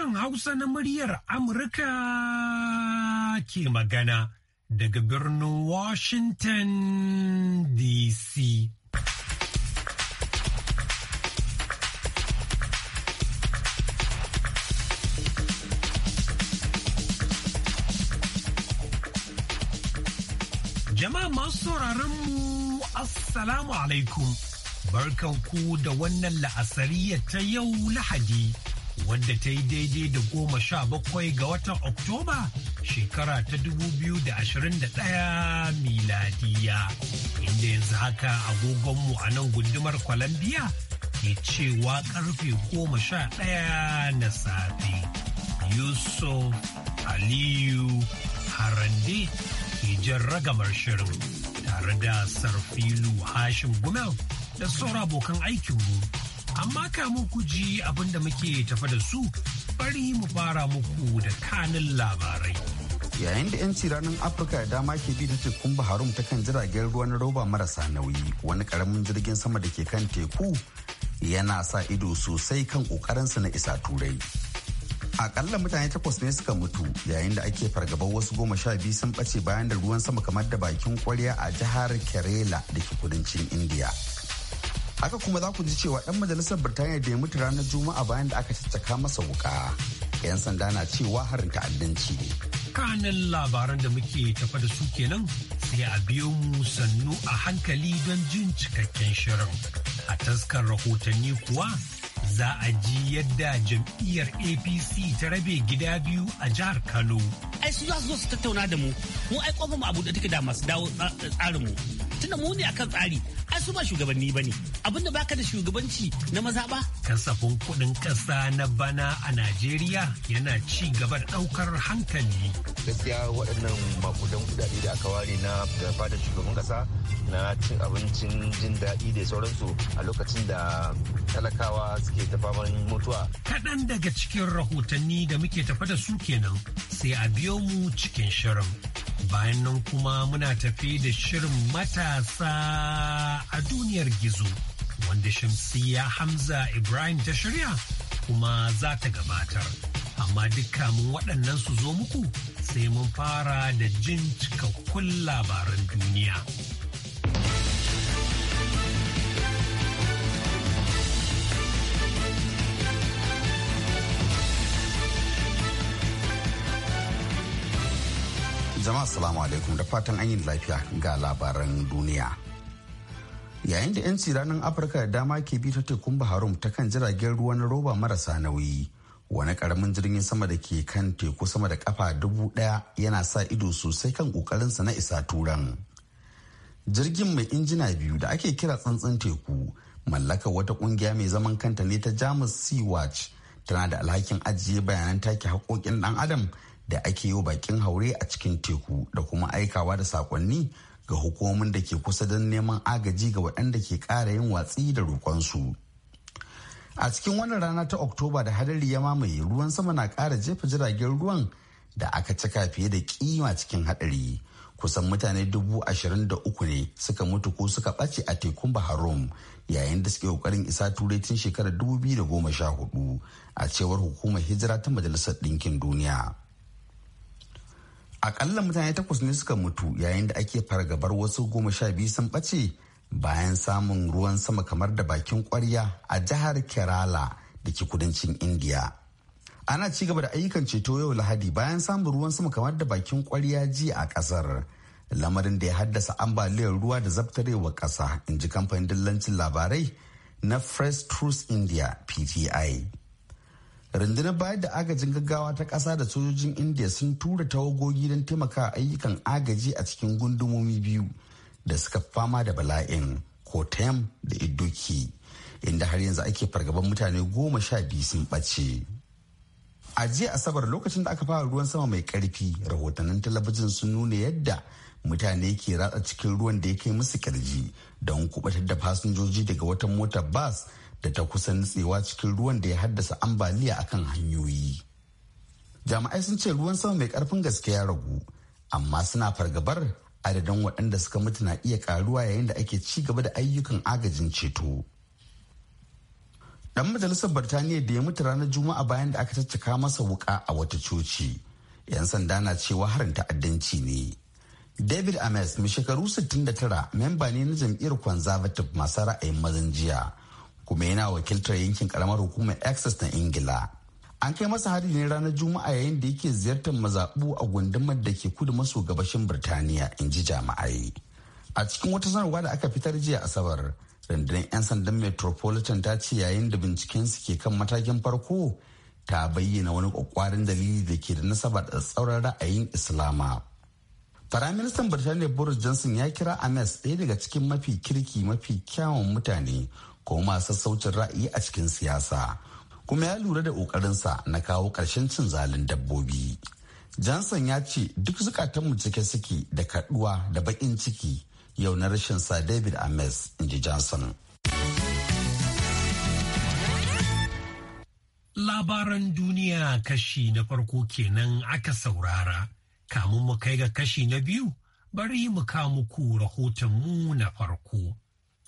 sashen Hausa na muryar Amurka ke magana daga birnin Washington DC. Jama'a masu sauraron mu Assalamu alaikum, barkanku da wannan la'asariya ta yau Lahadi. wanda ta yi daidai da goma sha bakwai ga watan Oktoba shekara ta dubu biyu da ashirin da ɗaya miladiya. Inda yanzu haka agogonmu a nan gundumar Colombia ke cewa karfe goma sha ɗaya na safe. Yusuf Aliyu Harande ke jan ragamar shirin tare da Sarfilu Hashim Gumel da sauran abokan aikinmu. amma kamun ku ji abin da muke tafa da su bari mu fara muku da kanin labarai. Yayin da 'yanci ranar Afirka da dama ke bi da tekun Baharum ta kan jiragen ruwa na roba marasa nauyi wani karamin jirgin sama da ke kan teku yana sa ido sosai kan kokarinsa na isa turai. Akalla mutane takwas ne suka mutu yayin da ake fargabar wasu goma sha biyu sun ɓace bayan da ruwan sama kamar da bakin kwarya a jihar Kerala da ke kudancin Indiya. haka kuma za ku ji cewa 'yan majalisar birtaniya da ya mutu ranar juma'a bayan da aka caccaka masa wuka 'yan sanda na cewa harin ta'addanci ne kanin labaran da muke tafa da su kenan sai a biyo mu sannu a hankali don jin cikakken shirin a taskar rahotanni kuwa za a ji yadda jam'iyyar apc ta rabe gida biyu a jihar kano ai su za su zo su tattauna da mu mu ai kofar mu abu da take da masu dawo tsarin mu tunda mu ne akan tsari ai su ba shugabanni ba ne abinda baka da shugabanci na maza ba kasafin kuɗin ƙasa na bana a najeriya yana ci gaba da ɗaukar hankali gaskiya waɗannan makudan kudade da aka ware na fada shugaban ƙasa na cin abincin jin daɗi da sauransu a lokacin da talakawa suke ta faman mutuwa kaɗan daga cikin rahotanni da muke tafa da su kenan sai a biyo mu cikin shirin bayan nan kuma muna tafi da shirin matasa a duniyar gizo wanda shamsiya hamza ibrahim ta shirya kuma za ta gabatar amma mun waɗannan su zo muku sai mun fara da jin cikakkun labaran duniya Jama'a salamu alaikum da fatan an yi lafiya ga labaran duniya. Yayin da 'yan tsiranin Afirka da dama ke bi ta tekun Baharum ta kan jiragen ruwa na roba marasa nauyi. Wani karamin jirgin sama da ke kan teku sama da kafa dubu daya yana sa ido sosai kan kokarinsa na isa turan. Jirgin mai injina biyu da ake kira tsantsan teku mallaka wata kungiya mai zaman kanta ne ta Jamus Sea Watch tana da alhakin ajiye bayanan take haƙoƙin dan adam da ake yi bakin haure a cikin teku da kuma aikawa da sakonni ga hukumomin da ke kusa don neman agaji ga waɗanda ke ƙara yin watsi da roƙonsu. A cikin wannan rana ta Oktoba da hadari ya mamaye ruwan sama na ƙara jefa jiragen ruwan da aka cika fiye da kima cikin hadari. Kusan mutane dubu ashirin da uku ne suka mutu ko suka ɓace a tekun Baharom yayin da suke ƙoƙarin isa turai tun shekarar dubu biyu da goma sha hudu a cewar hukumar hijira ta Majalisar Ɗinkin Duniya. akalla mutane takwas ne suka mutu yayin da ake fargabar wasu goma sha biyu sun ɓace bayan samun ruwan sama kamar da bakin kwarya a jihar kerala da ke kudancin india ana ci gaba da ayyukan ceto yau lahadi bayan samun ruwan sama kamar da bakin kwarya ji a kasar lamarin da ya haddasa ambaliyar ruwa da zabtarewa ƙasa in ji kamfanin dillancin labarai na Fresh Truth India PTI. rundunar bayar da agajin gaggawa ta ƙasa da sojojin india sun tura tawagogi don taimaka ayyukan agaji a cikin gundumomi biyu da suka fama da bala'in kotem da idoki inda har yanzu ake fargaban mutane goma sha biyu sun ɓace a jiya asabar lokacin da aka fara ruwan sama mai ƙarfi, rahotannin talabijin sun nuna yadda mutane ke ratsa cikin ruwan da ya kai musu kirji don kubatar da fasinjoji daga wata motar bas da ta kusa nutsewa cikin ruwan da ya haddasa ambaliya akan hanyoyi. Jami'ai sun ce ruwan sama mai karfin gaske ya ragu, amma suna fargabar adadin waɗanda suka mutu na iya karuwa yayin da ake ci gaba da ayyukan agajin ceto. Dan majalisar Birtaniya da ya mutu ranar Juma'a bayan da aka caccaka masa wuƙa a wata coci. 'Yan sanda na cewa harin ta'addanci ne. David Ames mai shekaru 69 memba ne na jam'iyyar Conservative masu ra'ayin mazan jiya kuma yana wakiltar yankin karamar hukumar Access na Ingila. An kai masa hari ne ranar Juma'a yayin da yake ziyartar mazaɓu a gundumar da ke kudu maso gabashin Birtaniya in ji jami'ai. A cikin wata sanarwa da aka fitar jiya Asabar, rundunar 'yan sandan Metropolitan ta ce yayin da binciken su ke kan matakin farko ta bayyana wani kwakwarin dalili da ke da nasaba da tsauran ra'ayin Islama. Firaministan Birtaniya Boris Johnson ya kira Ames ɗaya daga cikin mafi kirki mafi kyawun mutane kuma masu sassaucin ra'ayi a cikin siyasa kuma ya lura da ƙoƙarinsa na kawo ƙarshen cin zalin dabbobi johnson ya ce duk zukatanmu cike suke da kaduwa da baƙin ciki yau na rashin sa david ames in ji johnson labaran duniya kashi na farko kenan aka saurara kamun mu kai ga kashi na biyu bari mu kawo muku rahotonmu na farko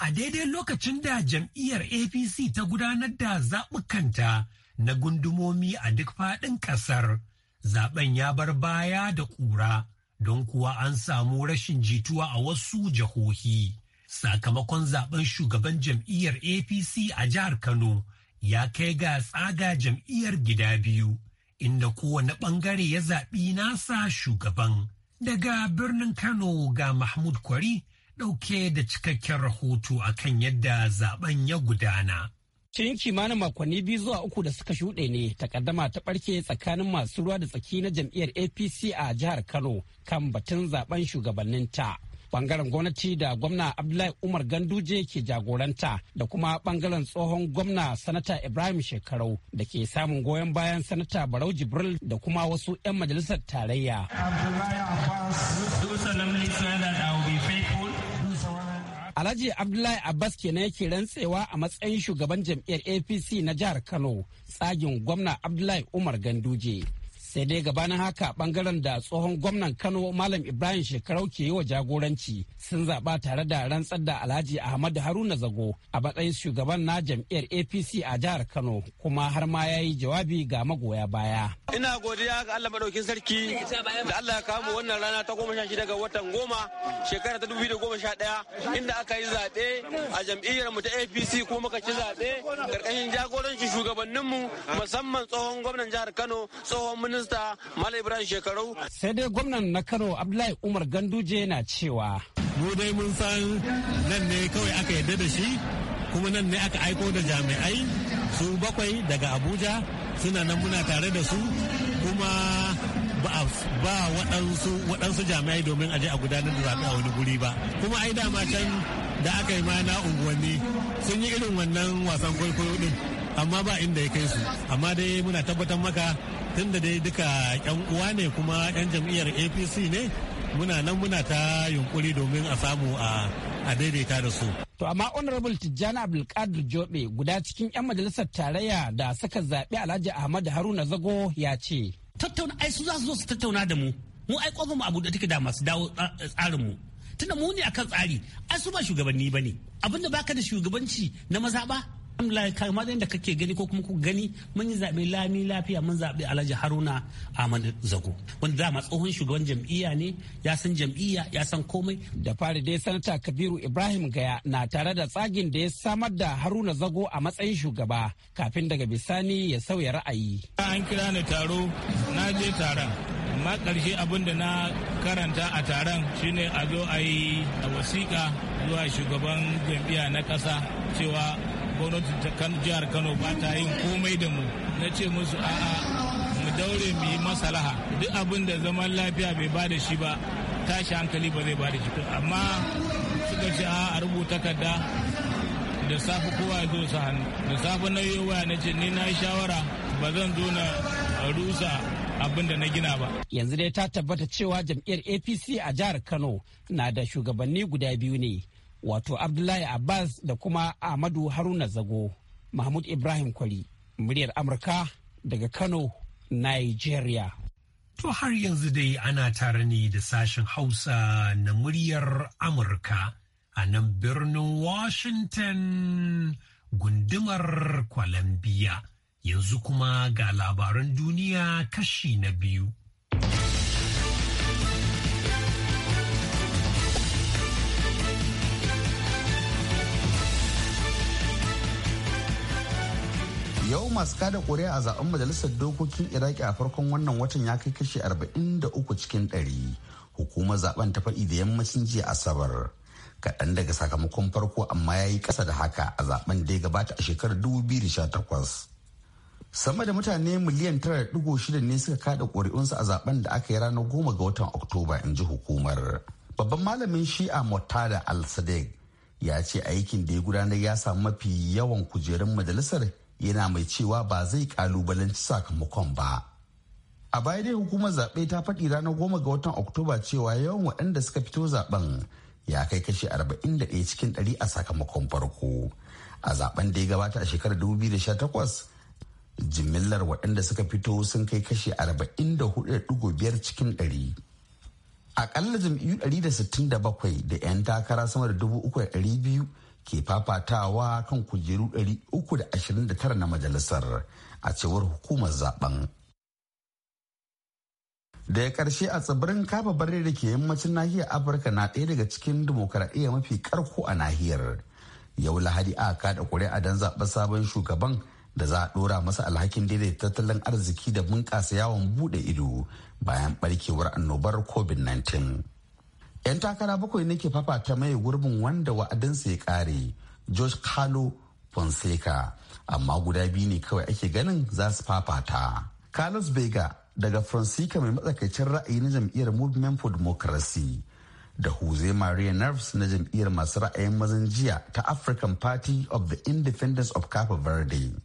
a daidai lokacin da jam'iyyar apc ta gudanar da zaɓukanta na gundumomi a duk faɗin ƙasar zaben ya bar baya da ƙura don kuwa an samu rashin jituwa a wasu jihohi sakamakon zaben shugaban jam'iyyar apc a jihar kano ya kai ga tsaga jam'iyyar gida biyu inda kowane ɓangare ya zaɓi nasa shugaban daga birnin kano ga mahmud kwari ɗauke da cikakken rahoto akan yadda zaben ya gudana. Cikin kimanin makonni biyu zuwa uku da suka shuɗe ne takaddama ta ɓarke tsakanin masu ruwa da tsaki na jam'iyyar APC a jihar Kano kan batun zaben ta bangaren gwamnati da gwamna abdullahi umar ganduje ke jagoranta da kuma bangaren tsohon gwamna sanata ibrahim shekarau da ke samun goyon bayan sanata barau jibril da kuma wasu 'yan majalisar tarayya Alhaji Abdullahi Abbas kenan yake rantsewa a matsayin shugaban jam'iyyar APC na jihar Kano tsagin gwamna Abdullahi Umar Ganduje. sai dai gabanin haka bangaren da tsohon gwamnan kano malam ibrahim shekarau ke yi wa jagoranci sun zaba tare da rantsar da alhaji ahmadu haruna zago a matsayin shugaban na jam'iyyar apc a jihar kano kuma har ma ya yi jawabi ga magoya baya ina godiya ga allah maɗaukin sarki da allah ya kawo wannan rana ta goma sha shida ga watan goma shekara ta dubu goma sha ɗaya inda aka yi zaɓe a jam'iyyar mu ta apc kuma muka ci zaɓe ƙarƙashin jagorancin shugabanninmu musamman tsohon gwamnan jihar kano tsohon minista Malam Ibrahim Shekarau. Sai dai gwamnan na Kano Abdullahi Umar Ganduje na cewa. Mu dai mun san nan ne kawai aka yarda da shi kuma nan ne aka aiko da jami'ai su bakwai daga Abuja suna nan muna tare da su kuma ba waɗansu waɗansu jami'ai domin a je a gudanar da zaɓe a wani guri ba kuma ai dama can da aka yi ma na unguwanni sun yi irin wannan wasan kwaikwayo din amma ba inda ya kai su amma dai muna tabbatar maka tunda dai duka yan uwa ne kuma yan jam'iyyar apc ne muna nan muna ta yunkuri domin a samu a a daidaita da su. To amma Honorable Tijjani Abdulkadir Jobe guda cikin 'yan majalisar tarayya da saka zaɓe Alhaji Ahmad Haruna Zago ya ce. tattauna ai su za su zo su tattauna da mu mu ai kofar mu a take da masu dawo tsarin mu tunda mu ne akan tsari ai su ba shugabanni bane abinda baka da shugabanci na maza ba kamar yadda kake gani ko kuma ku gani mun yi zaɓe lami lafiya mun zaɓe alhaji haruna ahmad zago wanda dama tsohon shugaban jam'iyya ne ya san jam'iyya ya san komai da fari dai sanata kabiru ibrahim gaya na tare da tsagin da ya samar da haruna zago a matsayin shugaba kafin daga bisani ya sauya ra'ayi an kira ni taro na je taron amma ƙarshe abin da na karanta a taron shine a zo a yi wasiƙa zuwa shugaban jam'iyya na ƙasa cewa gwamnati ta kan jihar kano ba ta yin komai da mu na ce musu a'a mu daure mu yi masalaha duk abin da zaman lafiya bai ba da shi ba tashi hankali ba zai ba da shi amma suka ce a rubuta kadda da safe kowa ya zo sa hannu da safe na yi waya na ce ni na yi shawara ba zan zo na rusa abin da na gina ba. Yanzu dai ta tabbata cewa jam'iyyar APC a jihar Kano na da shugabanni guda biyu ne wato Abdullahi Abbas da kuma Ahmadu Haruna Zago. Mahmud Ibrahim Kwari, muryar Amurka daga Kano, Nigeria. To har yanzu dai ana tare ne da sashen Hausa na muryar Amurka a nan birnin Washington gundumar Columbia. Yanzu kuma ga labaran duniya kashi na biyu. yau masu kada kuri'a a zaben majalisar dokokin iraki a farkon wannan watan ya kai kashi 43 cikin 100 hukumar zaben ta faɗi da yammacin jiya asabar kaɗan daga sakamakon farko amma ya yi ƙasa da haka a zaben da ya gabata a shekarar 2018 sama da mutane miliyan 9.6 ne suka kada ƙuri'unsu a zaben da aka yi ranar goma ga watan oktoba in ji hukumar babban malamin shi'a murtada al-sadiq ya ce aikin da ya gudanar ya samu mafi yawan kujerun majalisar yana mai cewa ba zai kalubalanci sakamakon ba a baya dai hukumar zaɓe ta faɗi ranar goma ga watan oktoba cewa yawan waɗanda suka fito zaɓen ya kai kashi 41 cikin 100 a sakamakon farko a zaben da ya gabata a shekarar 2018 jimillar waɗanda suka fito sun kai kashi 44.5 cikin 100 akalla jam'iyyu 167 da 'yan takara sama da 3,200 ke fafatawa kan kujeru 329 na majalisar a cewar hukumar zaben. Da ya karshe a tsibirin kafa bare da ke yammacin nahiyar Afirka na ɗaya daga cikin dimokuraɗiyya mafi karko a nahiyar. Yau Lahadi a kaɗa ƙuri'a don zaɓar sabon shugaban da za a ɗora masa alhakin daidaita tattalin arziki da bunƙasa yawon buɗe ido bayan ɓarkewar annobar COVID-19. 'yan takara bakwai ne ke fafata mai gurbin wanda wa'adinsa ya kare george carlo fonseca amma guda biyu ne kawai ake ganin za su fafata carlos vega daga fonseca mai matsakaicin ra'ayi na jam'iyyar movement for democracy da jose maria nerves na jam'iyyar masu ra'ayin mazan jiya ta african party of the independence of cape verde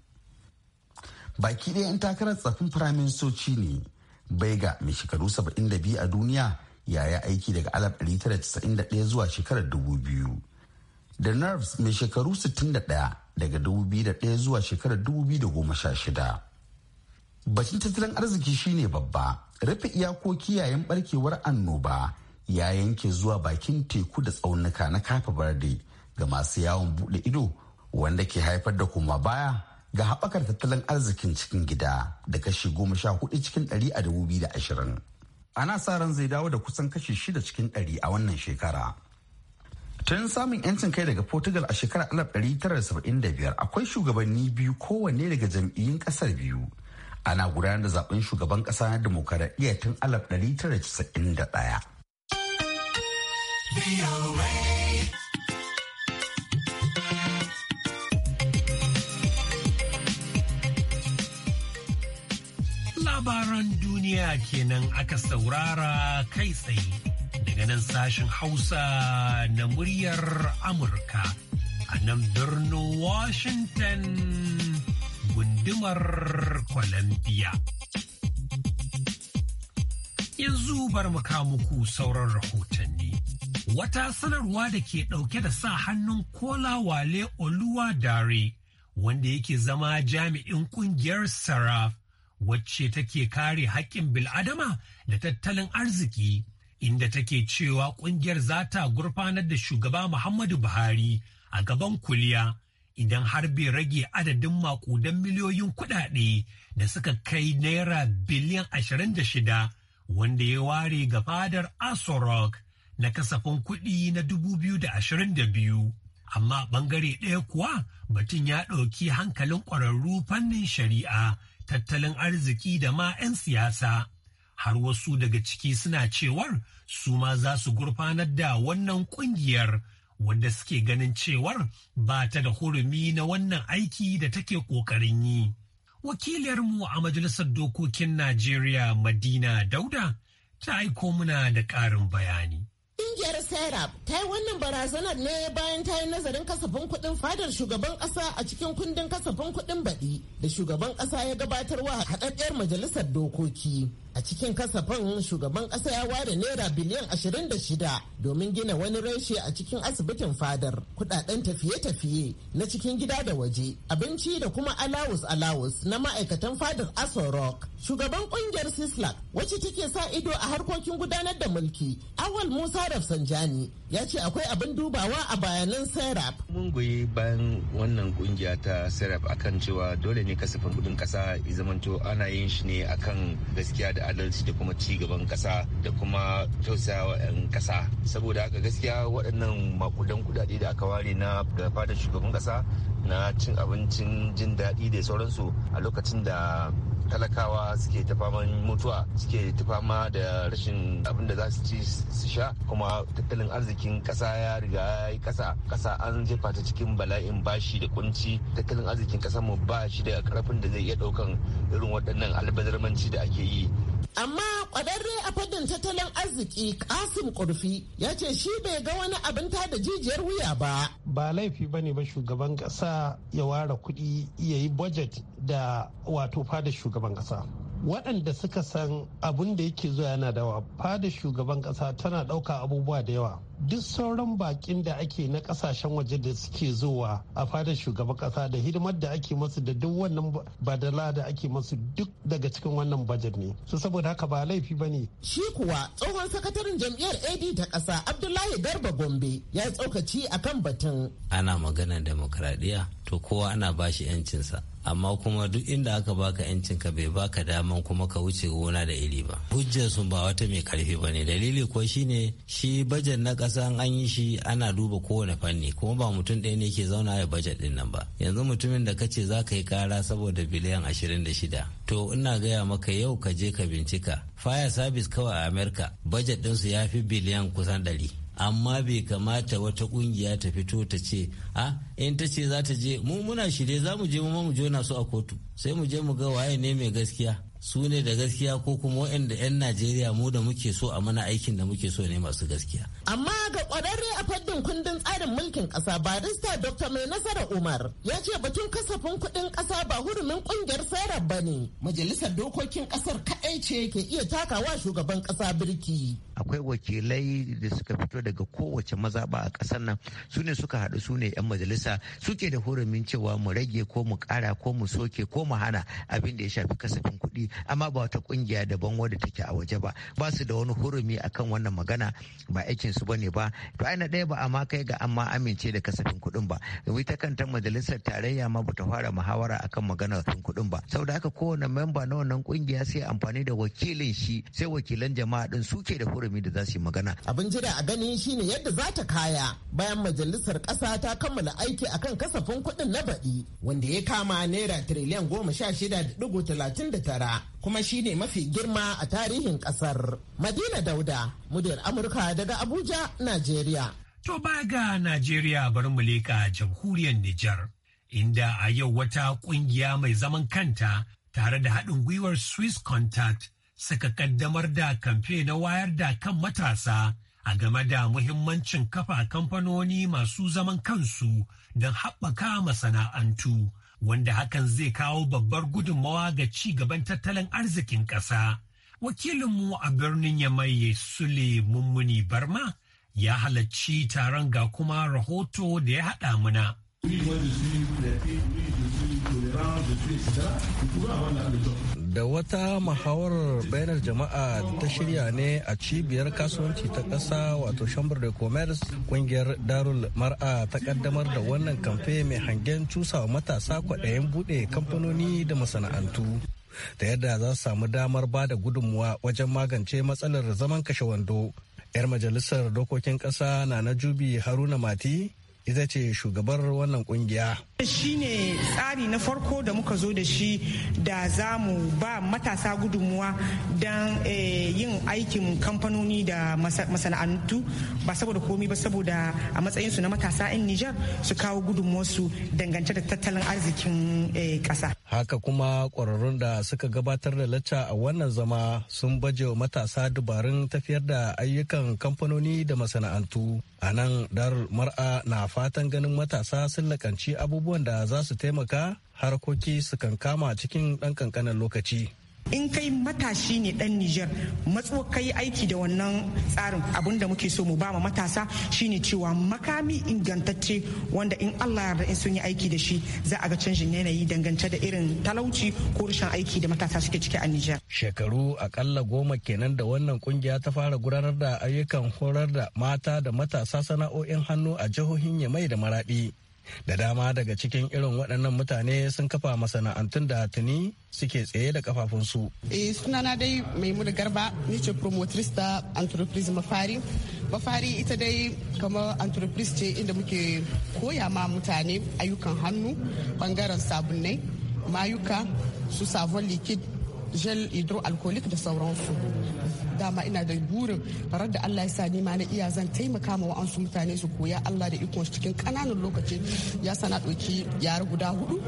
baki ɗaya 'yan takarar tsaffin firaministoci ne baiga mai shekaru 72 a duniya yaya aiki daga 1991 zuwa shekarar 2000 da nerves mai shekaru 61 daga 2001 zuwa shekarar 2016 bacin tattalin arziki shine babba, rufe iyakoki yayin barkewar annoba ya yanke zuwa bakin teku da tsaunuka na kafa barde ga masu yawon bude ido wanda ke haifar da kuma baya ga haɓakar tattalin arzikin cikin gida da kashi goma sha hudu cikin ɗari a dubu biyu da ashirin. ana sa ran zai dawo da kusan kashi shida cikin ɗari a wannan shekara tun samun yancin kai daga portugal a shekarar 1975 akwai shugabanni biyu kowanne daga jam'iyyun ƙasar biyu ana gudanar da zaben shugaban kasa na demokaradiyya tun 1991 Labaran duniya kenan aka saurara kai tsaye daga nan sashen Hausa na muryar Amurka a nan birnin Washington gundumar Columbia. Yanzu bar mu muku sauran rahotanni. Wata sanarwa da ke ɗauke da sa hannun Kola Wale Oluwa Dare, wanda yake zama jami'in ƙungiyar Saraf. wacce take kare haƙƙin bil'adama da tattalin arziki inda take cewa ƙungiyar za ta gurfanar da shugaba Muhammadu Buhari a gaban kuliya idan har bai rage adadin maƙudan miliyoyin kuɗaɗe da suka kai naira biliyan 26 wanda ya ware ga fadar Asorok na kasafin kuɗi na 2022. Amma ɓangare ɗaya kuwa batun ya ɗauki hankalin ƙwararru fannin shari'a tattalin arziki da ma 'yan siyasa. Har wasu daga ciki suna cewar su ma za su gurfanar da wannan kungiyar wanda suke ganin cewar ba ta da hurumi na wannan aiki da take ƙoƙarin yi. Wakiliyarmu a Majalisar Dokokin Najeriya Madina Dauda ta aiko muna da ƙarin bayani. Ƙungiyar Serap ta yi wannan barazanar ne bayan ta yi nazarin kasafin kuɗin fadar shugaban ƙasa a cikin kundin kasafin kuɗin baɗi da shugaban ƙasa ya gabatarwa a haɗaɗɗiyar majalisar dokoki. A cikin kasafin shugaban ƙasa ya ware naira biliyan 26 domin gina wani reshe a cikin asibitin fadar, kudaden tafiye-tafiye na cikin gida da waje, abinci da kuma alawus-alawus na ma'aikatan fadar Aso Rock. Shugaban kungiyar Sislak, wacce take sa ido a harkokin gudanar da mulki, Awal Musa Rafsanjani, ya ce akwai abin dubawa a bayanan Serap. Mun goyi bayan wannan ƙungiya ta Serap akan cewa dole ne kasafin kudin ƙasa ya zamanto ana yin shi ne akan gaskiya da adalci da kuma ci gaban kasa da kuma tausayawa 'yan kasa saboda haka gaskiya waɗannan makudan kudade da aka ware na da shugaban kasa na cin abincin jin daɗi da sauransu a lokacin da talakawa suke ta faman mutuwa suke ta fama da rashin abin da za su ci su sha kuma tattalin arzikin kasa ya riga yi kasa kasa an jefa ta cikin bala'in bashi da kunci tattalin arzikin kasa mu ba shi da karfin da zai iya daukan irin waɗannan albazarmanci da ake yi Amma kwararre a fadin tattalin arziki Kasim Kurfi ya ce shi bai ga wani abin ta da jijiyar wuya ba. Ba laifi ba ne ba shugaban kasa ya ware kuɗi ya yi budget da wato fada shugaban kasa. waɗanda suka san abin da yake zuwa yana da fada shugaban ƙasa tana ɗauka abubuwa da yawa duk sauran bakin da ake na ƙasashen waje da suke zuwa a fadar shugaban ƙasa da hidimar da ake masu da duk wannan badala da ake masu duk daga cikin wannan bajet ne su saboda haka ba laifi ba ne shi kuwa tsohon sakataren jam'iyyar ad ta ƙasa abdullahi garba gombe ya tsokaci akan batun ana magana demokradiyya to kowa ana bashi yancinsa amma kuma duk inda aka baka yancin ka bai baka daman kuma ka wuce gona da iri ba hujjar sun ba wata mai karfi ba ne dalili ko shine shi bajet na ƙasa an yi shi ana duba kowane fanni kuma ba mutum ɗaya ne ke zauna ya bajet din nan ba yanzu mutumin da kace za ka yi kara saboda biliyan ashirin da shida to ina gaya maka yau ka je ka bincika fire service kawai a america bajet ɗinsu ya fi biliyan kusan ɗari amma bai kamata wata kungiya ta fito ta ce a in ta ce za ta je mu muna shirye za mu je mu mu jona su a kotu sai mu je mu ga waye ne mai gaskiya su ne da gaskiya ko kuma waɗanda 'yan najeriya mu da muke so a mana aikin da muke so ne masu gaskiya amma ga kwararre a fannin kundin tsarin mulkin kasa barista dr mai nasara umar ya ce batun kasafin kudin kasa ba hurumin kungiyar sarar ba ne majalisar dokokin ƙasar kaɗai ce ke iya takawa shugaban kasa birki akwai wakilai da suka fito daga kowace mazaba a ƙasar nan su ne suka hadu su ne 'yan majalisa suke da hurumin cewa mu rage ko mu ƙara ko mu soke ko mu hana abin da ya shafi kasafin kuɗi amma ba wata ƙungiya daban wadda take a waje ba ba su da wani hurumi akan wannan magana ba aikin su bane ba to aina ɗaya ba amma kai ga amma amince da kasafin kuɗin ba domin ta kanta majalisar tarayya ma bata fara muhawara akan maganar kuɗin ba saboda haka kowane memba na wannan ƙungiya sai amfani da wakilin shi sai wakilan jama'a din suke da hurumi da za su yi magana. Abin jira a gani shine yadda za ta kaya bayan majalisar ƙasa ta kammala aiki akan kasafin kuɗin na baɗi wanda ya kama naira tiriliyan goma sha shida da ɗigo talatin da tara kuma shine mafi girma a tarihin ƙasar. Madina Dauda, muryar Amurka daga Abuja, Najeriya. To ba ga Najeriya bari mu leƙa jamhuriyar Nijar. Inda a yau wata ƙungiya mai zaman kanta tare da haɗin gwiwar Swiss Contact suka kaddamar da kamfe na wayar da kan matasa a game da muhimmancin kafa kamfanoni masu zaman kansu don haɓaka masana'antu wanda hakan zai kawo babbar gudunmawa ga ci gaban tattalin arzikin ƙasa. Wakilinmu a birnin Yamai Sule Mummuni Barma ya halarci taron ga kuma rahoto da ya haɗa muna. da wata muhawarar bayanar jama'a da ta shirya ne a cibiyar kasuwanci ta ƙasa wato chamber de commerce kungiyar darul mar'a ta kaddamar da wannan kamfe mai hangen cusawa matasa kwaɗayin buɗe kamfanoni da masana'antu ta yadda za su samu damar ba da gudunmuwa wajen magance matsalar zaman kashe wando 'yar majalisar dokokin ƙasa na na jubi haruna mati ita ce shugabar wannan kungiya. Shi ne tsari na farko da muka zo da shi da za mu ba matasa gudunmuwa don eh, yin aikin kamfanoni da masana'antu ba saboda komi ba saboda a matsayinsu na matasa in Nijar su kawo gudunmuwarsu dangance da tattalin arzikin eh, ƙasa. Haka kuma ƙwararrun da suka gabatar da lacca a wannan zama sun baje wa matasa dubarun tafiyar da ayyukan kamfanoni da masana'antu. a nan dar mar'a na fatan ganin matasa sun lakanci abubuwan da za su taimaka harkoki su kama cikin ɗan kankanin lokaci in kai matashi ne dan Nijar matso kai aiki da wannan tsarin abin da muke so mu ba ma matasa shine cewa makami ingantacce wanda in Allah ya in sun yi aiki da shi za a ga canjin yanayi dangance da irin talauci ko rashin aiki da matasa suke ciki a Nijar. Shekaru akalla goma kenan da wannan kungiya ta fara gudanar da ayyukan horar da mata da matasa sana'o'in hannu a jihohin Yamai da Maradi. da dama daga cikin irin waɗannan mutane sun kafa masana'antun da tuni suke tsaye da kafafunsu. Eh sunana dai mai muda Garba ni ce promotrice ta entreprise Mafari. Mafari ita dai kamar entreprise ce inda muke koya ma mutane ayyukan hannu bangaren sabunai mayuka su savon likid gel hydroalcoholic da sauransu dama ina da burin farar da Allah ya sa ni ma na iya zan taimaka ma wa'ansu mutane su koya Allah da ikon cikin kananan lokaci ya sana ɗauki yara guda hudu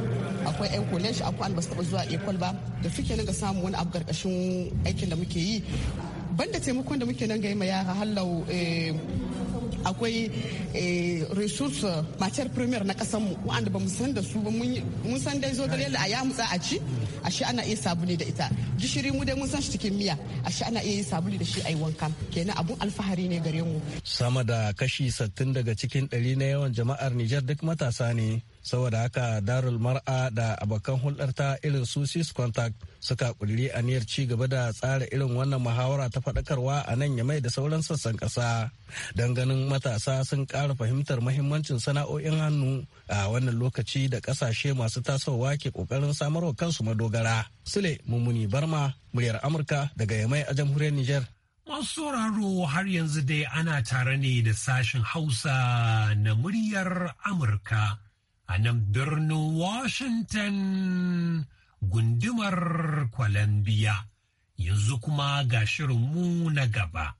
akwai yan shi akwai albasa ba zuwa ekol ba da suke nan ga samun wani abu ƙarƙashin aikin da muke yi banda taimakon da muke nan ga yi ma yara hallau eh, akwai eh, resource matar premier na kasan mu wanda ba san da su ba mun san dai zo da a ya mutsa a ci a shi ana iya sabuli da ita gishiri mu dai mun san shi cikin miya a shi ana iya yi sabuli da shi a yi wanka kenan abun alfahari ne gare mu sama da kashi 60 daga cikin 100 na yawan jama'ar Nijar duk matasa ne saboda haka darul mar'a da abokan ta irin su sis contact suka a aniyar ci gaba da tsara irin wannan muhawara ta faɗakarwa a nan ya mai da sauran sassan ƙasa don ganin matasa sun ƙara fahimtar mahimmancin sana'o'in hannu a wannan lokaci da ƙasashe masu tasowa ke ƙoƙarin samarwa kansu madogara sule mummuni barma muryar amurka daga ya yamai a jamhuriyar niger Masu sauraro har yanzu dai ana tare ne da sashen Hausa na muryar Amurka a nan birnin Washington gundumar Columbia. Yanzu kuma ga shirinmu na gaba.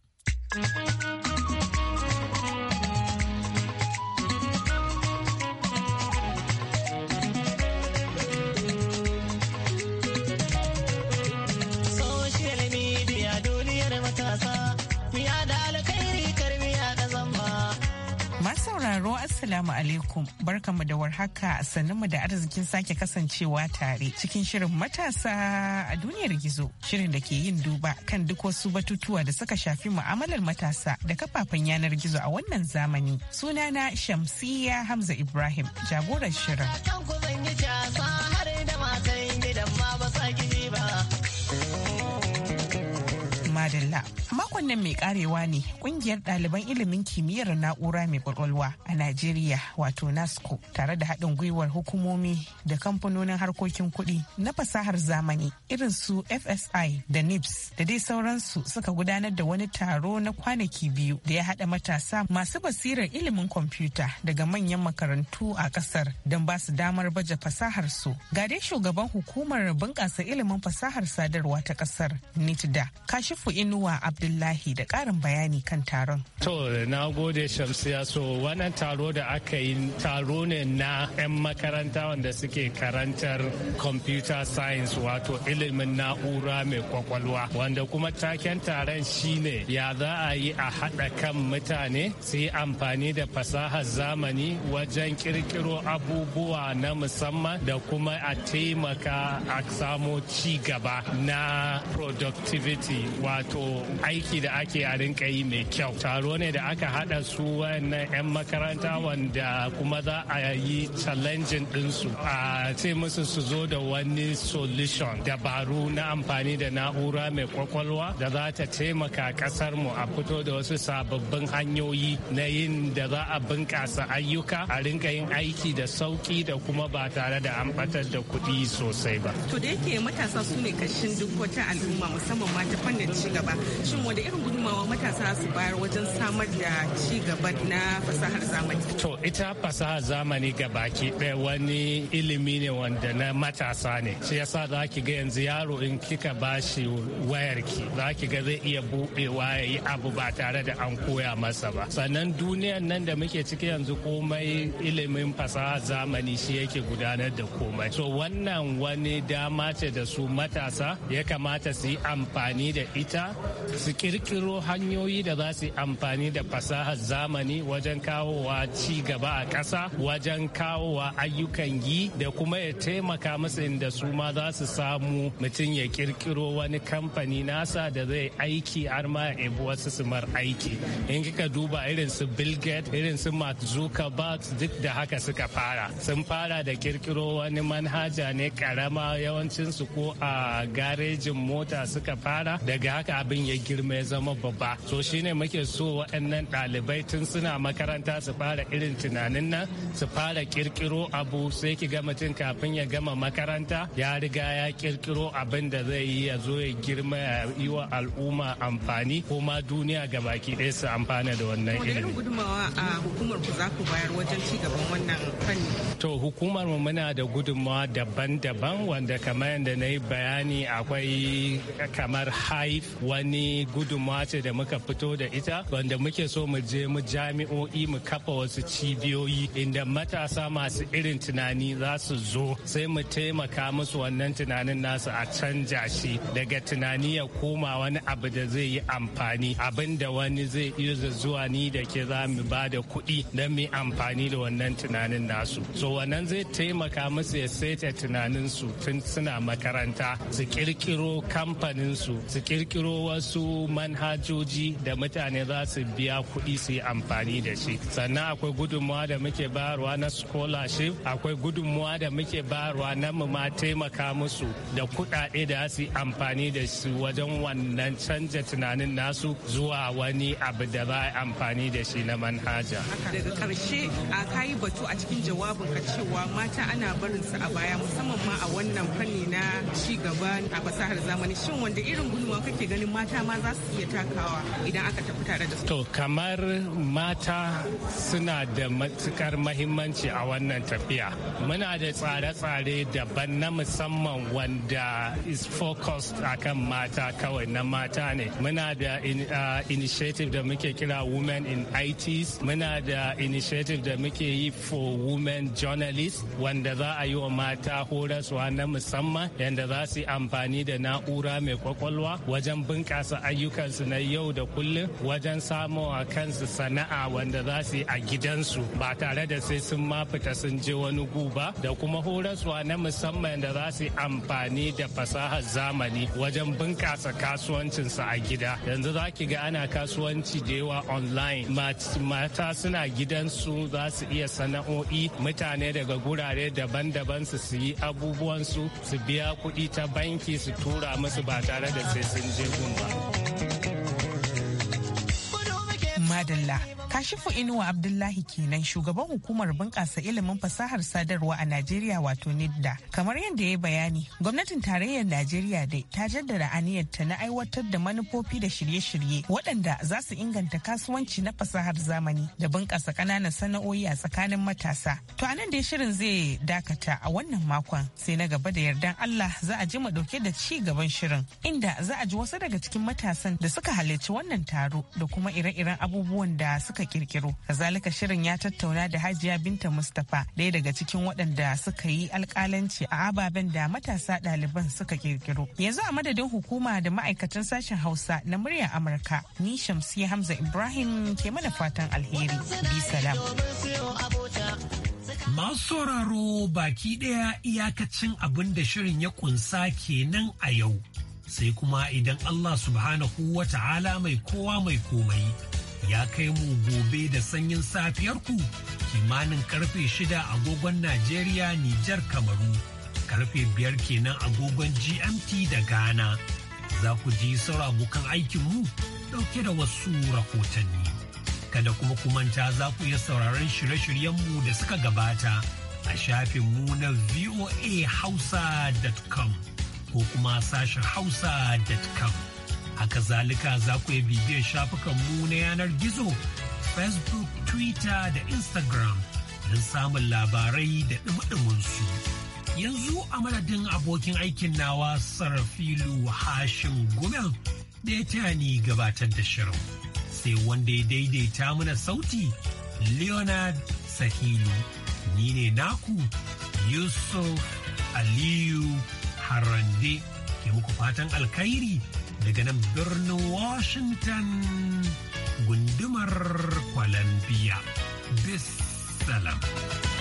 sauraro Assalamu alaikum mu da warhaka mu da arzikin sake kasancewa tare cikin shirin matasa a duniyar gizo shirin da ke yin duba kan duk wasu batutuwa da suka shafi mu'amalar matasa da kafafen yanar gizo a wannan zamani. Sunana Shamsiya Hamza Ibrahim jagorar shirin. Madalla. Makon nan mai karewa ne kungiyar ɗaliban ilimin kimiyyar na'ura mai kwakwalwa a Najeriya wato NASCO tare da haɗin gwiwar hukumomi da kamfanonin harkokin kuɗi na fasahar zamani irin su FSI da NIPS da dai sauransu suka gudanar da wani taro na kwanaki biyu da ya haɗa matasa masu basirar ilimin kwamfuta daga manyan makarantu a ƙasar don ba su damar baje fasahar su. Ga dai shugaban hukumar bunƙasa ilimin fasahar sadarwa ta ƙasar NITDA kashifu inuwa abdullahi da ƙarin bayani kan taron to na gode shamsiya so wannan taro da aka yi taro ne na 'yan makaranta wanda suke karantar computer science wato ilimin na'ura mai kwakwalwa wanda kuma taken taron shine ya za a yi a haɗa kan mutane su yi amfani da fasahar zamani wajen kirkiro abubuwa na musamman da kuma a taimaka a samo ci gaba na productivity wato wato aiki da ake a rinka yi mai kyau taro ne da aka haɗa su wayannan 'yan makaranta wanda kuma za a yi challenging ɗinsu a ce musu su zo da wani solution dabaru na amfani da na'ura mai kwakwalwa da za ta taimaka kasar mu a fito da wasu sababbin hanyoyi na yin da za a bunƙasa ayyuka a rinka yin aiki da sauki da kuma ba tare da an batar da kuɗi sosai ba. To da yake matasa su ne kashin duk wata al'umma musamman ma ta fannin ci ci gaba shin wanda irin gudunmawa matasa su bayar wajen samar da ci gaba na fasahar zamani to ita fasahar zamani ga baki ɗaya wani ilimi ne wanda na matasa ne shi yasa za ki ga yanzu yaro in kika bashi wayarki za ki ga zai iya buɗewa ya yi abu ba tare da an koya masa ba sannan duniyar nan da muke ciki yanzu komai ilimin fasaha zamani shi yake gudanar da komai to wannan wani dama ce da su matasa ya kamata su yi amfani da ita fita su kirkiro hanyoyi da za su amfani da fasahar zamani wajen kawowa ci gaba a ƙasa wajen kawowa ayyukan yi da kuma ya taimaka musu inda su ma za su samu mutum ya kirkiro wani kamfani nasa da zai aiki har ma ya wasu su mar aiki in kika duba irin su bill gates irin su mark zuckerberg duk da haka suka fara sun fara da kirkiro wani manhaja ne karama yawancinsu ko a garejin mota suka fara daga haka haka abin ya girma ya zama babba so shine muke so waɗannan ɗalibai tun suna makaranta su fara irin tunanin nan su fara kirkiro abu sai ki ga mutum kafin ya gama makaranta ya riga ya kirkiro abin da zai yi ya zo ya girma ya yi wa al'umma amfani ko ma duniya ga baki ɗaya su amfana da wannan ilimi. gudunmawa a hukumar ku za ku bayar wajen ci gaban wannan fanni? To hukumar mu muna da gudunmawa daban-daban wanda kamar yadda na yi bayani akwai kamar hive wani gudunmawa ce da muka fito da ita wanda muke so mu je mu jami'o'i mu kafa wasu cibiyoyi inda matasa masu irin tunani za su zo sai mu taimaka musu wannan tunanin nasu a canja shi daga tunani ya koma wani abu da zai yi amfani abin da wani zai iya zuwa ni da ke za mu ba da kuɗi don mu amfani da wannan tunanin nasu so wannan zai taimaka musu ya saita tunaninsu tun suna makaranta su kirkiro kamfaninsu su kirkiro kirkiro wasu manhajoji da mutane za su biya kuɗi su yi amfani da shi sannan akwai gudunmawa da muke bayarwa na scholarship akwai gudunmawa da muke bayarwa na mu ma taimaka musu da kuɗaɗe da su yi amfani da su wajen wannan canja tunanin nasu zuwa wani abu da za amfani da shi na manhaja daga karshe a kayi batu a cikin jawabin ka cewa mata ana barinsu a baya musamman ma a wannan fanni na ci gaba a fasahar zamani shin wanda irin gudunmawa kake ganin ganin mata ma za su iya takawa idan aka tafi tare da su. To kamar mata suna da matukar mahimmanci a wannan tafiya. Muna da tsare-tsare daban na musamman wanda is focused akan mata kawai na mata ne. Muna da uh, initiative da muke kira Women in ITs. Muna da initiative da muke yi for women journalists wanda za a yi wa mata horaswa na musamman yadda za su yi amfani da na'ura mai kwakwalwa wajen bunƙasa ayyukansu na yau da kullum wajen samun a kansu sana'a wanda za su yi a gidansu ba tare da sai sun ma fita sun je wani guba da kuma horaswa na musamman da za su yi amfani da fasahar zamani wajen bunƙasa kasuwancinsu a gida yanzu za ki ga ana kasuwanci da yawa online mata suna gidansu za su iya sana'o'i mutane daga gurare daban-daban su yi abubuwansu su biya kuɗi ta banki su tura musu ba tare da sai sun je gun ba madalla kashifu inuwa abdullahi kenan shugaban hukumar bunƙasa ilimin fasahar sadarwa a najeriya wato nidda kamar yadda ya bayani gwamnatin tarayyar najeriya dai ta jaddada aniyarta na aiwatar da manufofi da shirye-shirye waɗanda za su inganta kasuwanci na fasahar zamani da bunƙasa ƙananan sana'o'i a tsakanin matasa to a nan dai shirin zai dakata a wannan makon sai na gaba da yardan allah za a ji mu ɗauke da ci gaban shirin inda za a ji wasu daga cikin matasan da suka halarci wannan taro da kuma ire-iren abubuwa abubuwan da suka kirkiro kazalika shirin ya tattauna da hajiya binta mustapha daya daga cikin waɗanda suka yi alƙalanci a ababen da matasa ɗaliban suka kirkiro yanzu a madadin hukuma da ma'aikatan sashen hausa na muryar amurka ni shamsiya hamza ibrahim ke mana fatan alheri bi salam Masu sauraro baki ɗaya iyakacin abin da shirin ya kunsa kenan a yau, sai kuma idan Allah subhanahu wa ta'ala mai kowa mai komai ya kai mu gobe da sanyin safiyarku kimanin karfe shida agogon Najeriya Nijar Kamaru, karfe biyar kenan agogon GMT da Ghana. Za ku ji sauran abokan aikinmu ɗauke da wasu rahotanni. Kada kuma kumanta za ku iya sauraron shirye-shiryenmu da suka gabata a shafinmu na voahausa.com ko kuma sashen hausa.com. Haka zalika za ku iya bibiyar shafukanmu na yanar gizo, Facebook, Twitter da Instagram don samun labarai da su. Yanzu a madadin abokin aikin nawa Sarafilu Hashim Gumel da ya taya ni gabatar da shirin. Sai wanda ya daidaita mana sauti, Leonard Sahili. Ni ne naku Yusuf Aliyu Harande ke muku fatan alkhairi. daga nan birnin Washington gundumar Columbia. Bis salam.